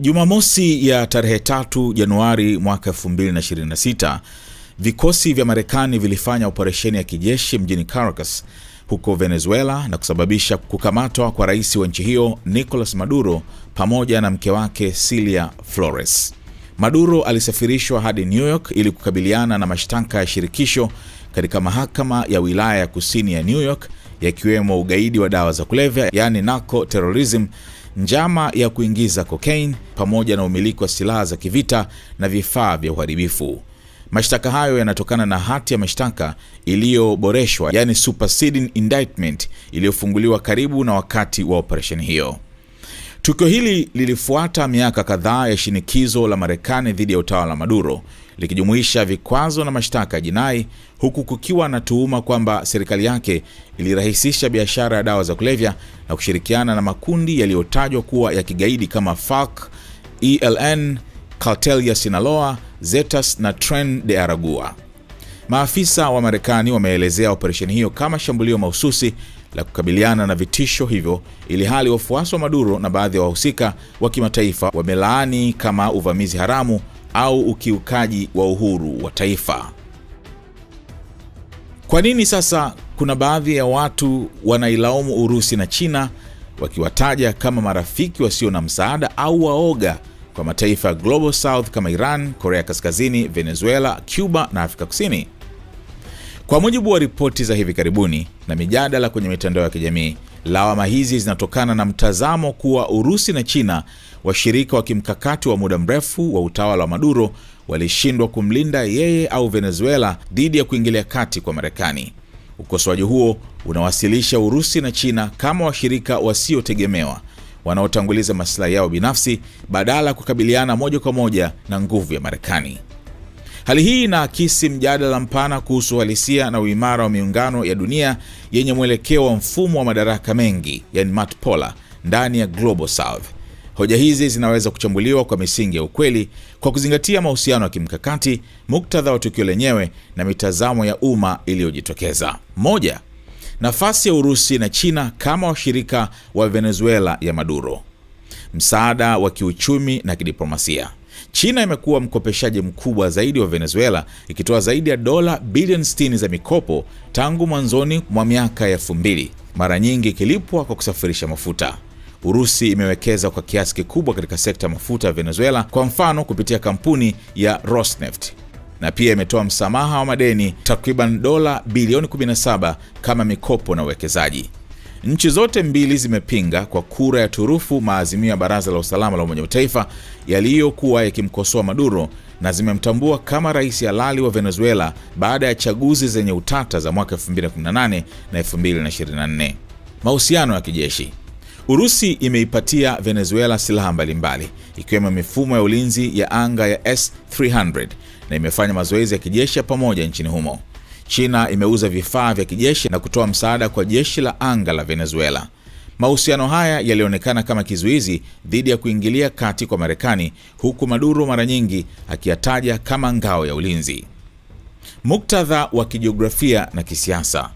Jumamosi ya tarehe tatu Januari mwaka 2026 vikosi vya Marekani vilifanya operesheni ya kijeshi mjini Caracas huko Venezuela na kusababisha kukamatwa kwa rais wa nchi hiyo Nicolas Maduro pamoja na mke wake silia Flores. Maduro alisafirishwa hadi New York ili kukabiliana na mashtaka ya shirikisho katika mahakama ya wilaya ya kusini ya New York, yakiwemo ugaidi wa dawa za kulevya, yani narco terrorism njama ya kuingiza kokaini pamoja na umiliki wa silaha za kivita na vifaa vya uharibifu. Mashtaka hayo yanatokana na hati ya mashtaka iliyoboreshwa, yani superseding indictment, iliyofunguliwa karibu na wakati wa operesheni hiyo. Tukio hili lilifuata miaka kadhaa ya shinikizo la Marekani dhidi ya utawala wa Maduro likijumuisha vikwazo na mashtaka ya jinai, huku kukiwa na tuhuma kwamba serikali yake ilirahisisha biashara ya dawa za kulevya na kushirikiana na makundi yaliyotajwa kuwa ya kigaidi kama FARC, ELN, Cartel ya Sinaloa, Zetas na Tren de Aragua. Maafisa wa Marekani wameelezea operesheni hiyo kama shambulio mahususi la kukabiliana na vitisho hivyo, ili hali wafuasi wa Maduro na baadhi ya wahusika wa kimataifa wamelaani kama uvamizi haramu au ukiukaji wa uhuru wa taifa. Kwa nini sasa kuna baadhi ya watu wanailaumu Urusi na China wakiwataja kama marafiki wasio na msaada au waoga kwa mataifa ya Global South kama Iran, Korea Kaskazini, Venezuela, Cuba na Afrika Kusini? Kwa mujibu wa ripoti za hivi karibuni na mijadala kwenye mitandao ya kijamii, Lawama hizi zinatokana na mtazamo kuwa Urusi na China, washirika wa kimkakati wa muda mrefu wa utawala wa Maduro, walishindwa kumlinda yeye au Venezuela dhidi ya kuingilia kati kwa Marekani. Ukosoaji huo unawasilisha Urusi na China kama washirika wasiotegemewa wanaotanguliza masilahi yao binafsi badala ya kukabiliana moja kwa moja na nguvu ya Marekani. Hali hii inaakisi mjadala mpana kuhusu uhalisia na uimara wa miungano ya dunia yenye mwelekeo wa mfumo wa madaraka mengi, yani multipolar, ndani ya Global South. Hoja hizi zinaweza kuchambuliwa kwa misingi ya ukweli kwa kuzingatia mahusiano ya kimkakati, muktadha wa tukio lenyewe na mitazamo ya umma iliyojitokeza. Moja, nafasi ya Urusi na China kama washirika wa Venezuela ya Maduro, msaada wa kiuchumi na kidiplomasia. China imekuwa mkopeshaji mkubwa zaidi wa Venezuela ikitoa zaidi ya dola bilioni 60 za mikopo tangu mwanzoni mwa miaka ya 2000, mara nyingi ikilipwa kwa kusafirisha mafuta. Urusi imewekeza kwa kiasi kikubwa katika sekta ya mafuta ya Venezuela, kwa mfano kupitia kampuni ya Rosneft na pia imetoa msamaha wa madeni takriban dola bilioni 17 kama mikopo na uwekezaji. Nchi zote mbili zimepinga kwa kura ya turufu maazimio ya Baraza la Usalama la Umoja wa Mataifa yaliyokuwa yakimkosoa Maduro na zimemtambua kama rais halali wa Venezuela baada ya chaguzi zenye utata za mwaka 2018 na 2024. Mahusiano ya kijeshi. Urusi imeipatia Venezuela silaha mbalimbali ikiwemo mifumo ya ulinzi ya anga ya S-300 na imefanya mazoezi ya kijeshi ya pamoja nchini humo. China imeuza vifaa vya kijeshi na kutoa msaada kwa jeshi la anga la Venezuela. Mahusiano haya yalionekana kama kizuizi dhidi ya kuingilia kati kwa Marekani, huku Maduro mara nyingi akiyataja kama ngao ya ulinzi. Muktadha wa kijiografia na kisiasa.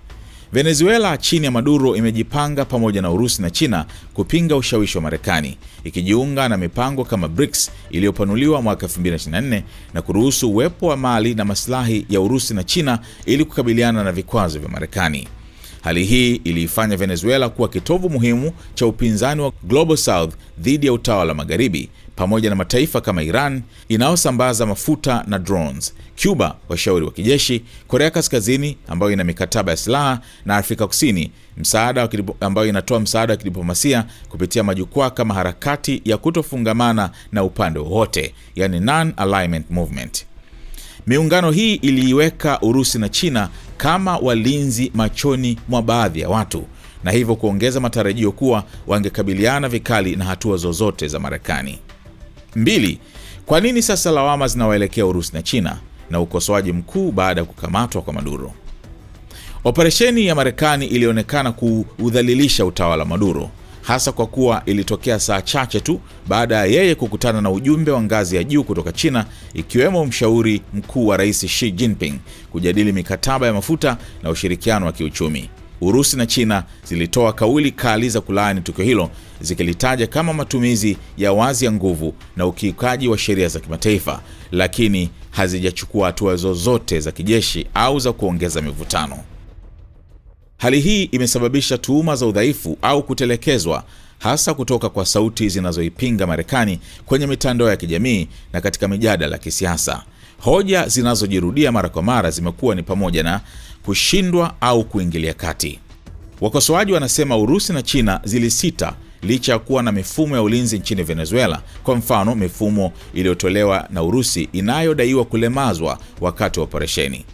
Venezuela chini ya Maduro imejipanga pamoja na Urusi na China kupinga ushawishi wa Marekani, ikijiunga na mipango kama BRICS iliyopanuliwa mwaka 2024 na kuruhusu uwepo wa mali na maslahi ya Urusi na China ili kukabiliana na vikwazo vya Marekani. Hali hii iliifanya Venezuela kuwa kitovu muhimu cha upinzani wa Global South dhidi ya utawala magharibi pamoja na mataifa kama Iran inayosambaza mafuta na drones, Cuba washauri wa kijeshi, Korea Kaskazini ambayo ina mikataba ya silaha na Afrika Kusini msaada ambayo inatoa msaada wa kidiplomasia kupitia majukwaa kama harakati ya kutofungamana na upande wowote, yani non-alignment movement. Miungano hii iliiweka Urusi na China kama walinzi machoni mwa baadhi ya watu na hivyo kuongeza matarajio kuwa wangekabiliana vikali na hatua zozote za Marekani. Mbili, kwa nini sasa lawama zinawaelekea Urusi na China na ukosoaji mkuu baada ya kukamatwa kwa Maduro? Operesheni ya Marekani ilionekana kuudhalilisha utawala wa Maduro hasa kwa kuwa ilitokea saa chache tu baada ya yeye kukutana na ujumbe wa ngazi ya juu kutoka China, ikiwemo mshauri mkuu wa rais Xi Jinping kujadili mikataba ya mafuta na ushirikiano wa kiuchumi. Urusi na China zilitoa kauli kali za kulaani tukio hilo zikilitaja kama matumizi ya wazi ya nguvu na ukiukaji wa sheria za kimataifa, lakini hazijachukua hatua zozote za kijeshi au za kuongeza mivutano. Hali hii imesababisha tuhuma za udhaifu au kutelekezwa hasa kutoka kwa sauti zinazoipinga Marekani kwenye mitandao ya kijamii na katika mijadala ya kisiasa. Hoja zinazojirudia mara kwa mara zimekuwa ni pamoja na kushindwa au kuingilia kati. Wakosoaji wanasema Urusi na China zilisita licha ya kuwa na mifumo ya ulinzi nchini Venezuela, kwa mfano mifumo iliyotolewa na Urusi inayodaiwa kulemazwa wakati wa operesheni.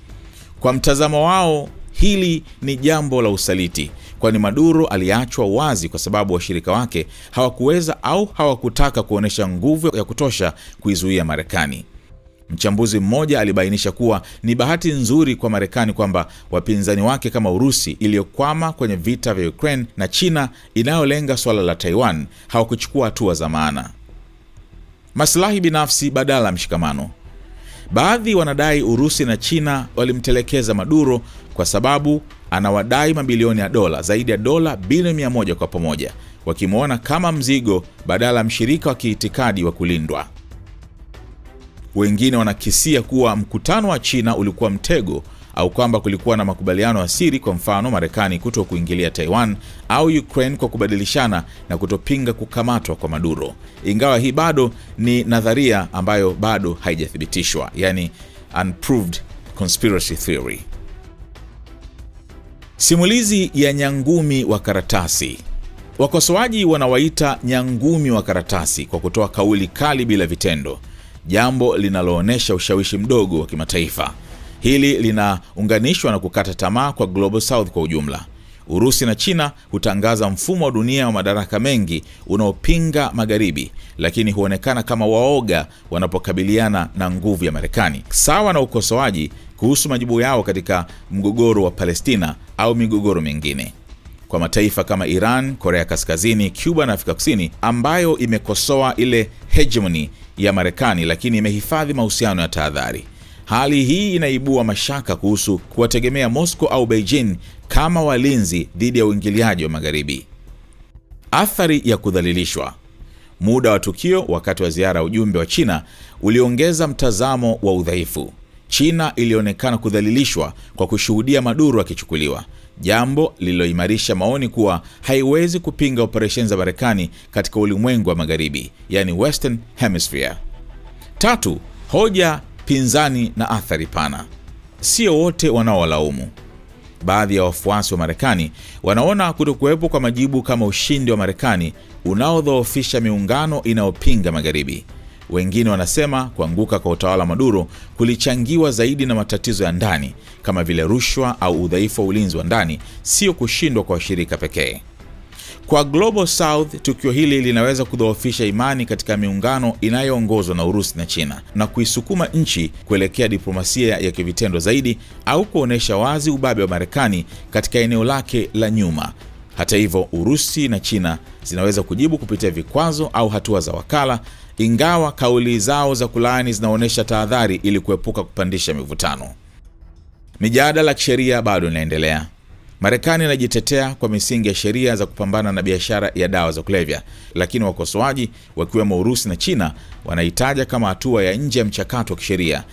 Kwa mtazamo wao, Hili ni jambo la usaliti, kwani Maduro aliachwa wazi kwa sababu washirika wake hawakuweza au hawakutaka kuonyesha nguvu ya kutosha kuizuia Marekani. Mchambuzi mmoja alibainisha kuwa ni bahati nzuri kwa Marekani kwamba wapinzani wake kama Urusi iliyokwama kwenye vita vya Ukraine na China inayolenga suala la Taiwan hawakuchukua hatua za maana. Maslahi binafsi badala ya mshikamano. Baadhi wanadai Urusi na China walimtelekeza Maduro kwa sababu anawadai mabilioni ya dola, zaidi ya dola bilioni mia moja kwa pamoja, wakimwona kama mzigo badala ya mshirika wa kiitikadi wa kulindwa. Wengine wanakisia kuwa mkutano wa China ulikuwa mtego au kwamba kulikuwa na makubaliano ya siri, kwa mfano Marekani kuto kuingilia Taiwan au Ukraine kwa kubadilishana na kutopinga kukamatwa kwa Maduro, ingawa hii bado ni nadharia ambayo bado haijathibitishwa, yani unproved conspiracy theory. Simulizi ya nyangumi wa karatasi. Wakosoaji wanawaita nyangumi wa karatasi kwa kutoa kauli kali bila vitendo, jambo linaloonyesha ushawishi mdogo wa kimataifa. Hili linaunganishwa na kukata tamaa kwa Global South kwa ujumla. Urusi na China hutangaza mfumo wa dunia wa madaraka mengi unaopinga magharibi, lakini huonekana kama waoga wanapokabiliana na nguvu ya Marekani. Sawa na ukosoaji kuhusu majibu yao katika mgogoro wa Palestina au migogoro mingine. Kwa mataifa kama Iran, Korea Kaskazini, Cuba na Afrika Kusini ambayo imekosoa ile hegemoni ya Marekani lakini imehifadhi mahusiano ya tahadhari. Hali hii inaibua mashaka kuhusu kuwategemea Moscow au Beijing kama walinzi dhidi ya uingiliaji wa Magharibi. Athari ya kudhalilishwa. Muda wa tukio wakati wa ziara ya ujumbe wa China uliongeza mtazamo wa udhaifu. China ilionekana kudhalilishwa kwa kushuhudia Maduro akichukuliwa, jambo lililoimarisha maoni kuwa haiwezi kupinga operesheni za Marekani katika ulimwengu wa Magharibi, yani Western Hemisphere. Tatu, hoja pinzani na athari pana. Sio wote wanaowalaumu. Baadhi ya wafuasi wa Marekani wanaona kutokuwepo kwa majibu kama ushindi wa Marekani unaodhoofisha miungano inayopinga magharibi. Wengine wanasema kuanguka kwa utawala wa Maduro kulichangiwa zaidi na matatizo ya ndani kama vile rushwa au udhaifu wa ulinzi wa ndani, sio kushindwa kwa washirika pekee. Kwa Global South, tukio hili linaweza kudhoofisha imani katika miungano inayoongozwa na Urusi na China na kuisukuma nchi kuelekea diplomasia ya kivitendo zaidi au kuonyesha wazi ubabe wa Marekani katika eneo lake la nyuma. Hata hivyo, Urusi na China zinaweza kujibu kupitia vikwazo au hatua za wakala, ingawa kauli zao za kulaani zinaonyesha tahadhari ili kuepuka kupandisha mivutano. Mijadala ya kisheria bado inaendelea. Marekani inajitetea kwa misingi ya sheria za kupambana na biashara ya dawa za kulevya, lakini wakosoaji wakiwemo Urusi na China wanaitaja kama hatua ya nje ya mchakato wa kisheria.